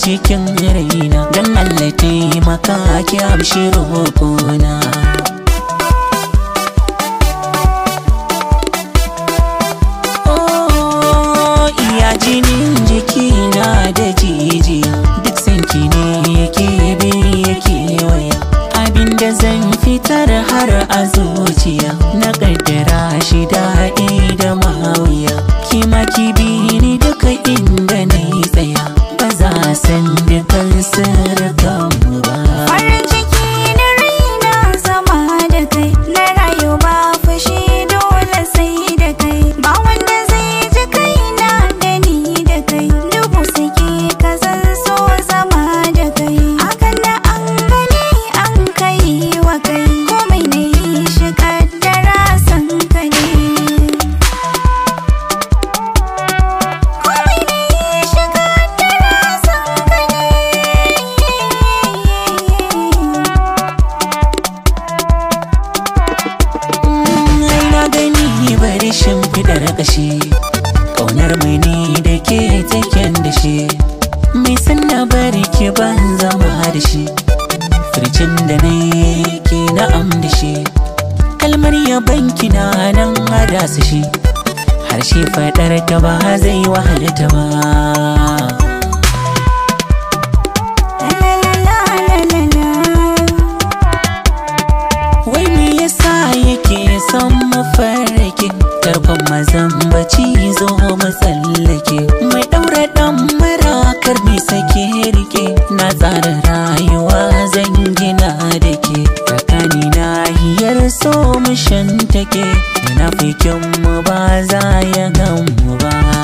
cikin raina don Allah taimaka ki amshi roƙona oh, iya jinin jikina da jijiya duk sanki ne yake bi yake waya abinda zan fitar har a zuciya yi shimfidar ƙashi ƙaunar mai ne da ke taken da shi mai sanna bari ke ban zama da shi firjin da na ke na'am da shi kalmar banki na, nan hada su shi harshe faɗar ta ba zai wahalata ba karni sake rike na tsara rayuwa zan gina da ke tsakani na hiyar so mushan take fikin mu ba za ya gan mu ba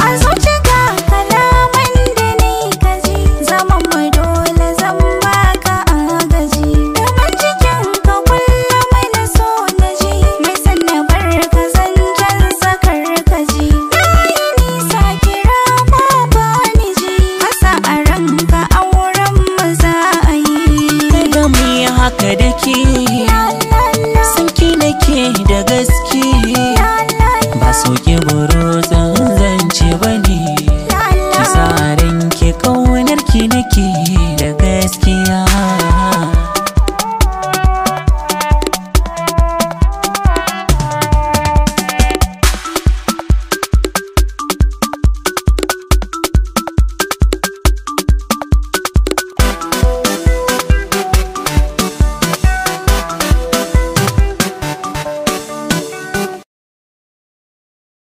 ne da gaskiya ba soke burutsun zance ba ki sa ranke ƙaunar ki nake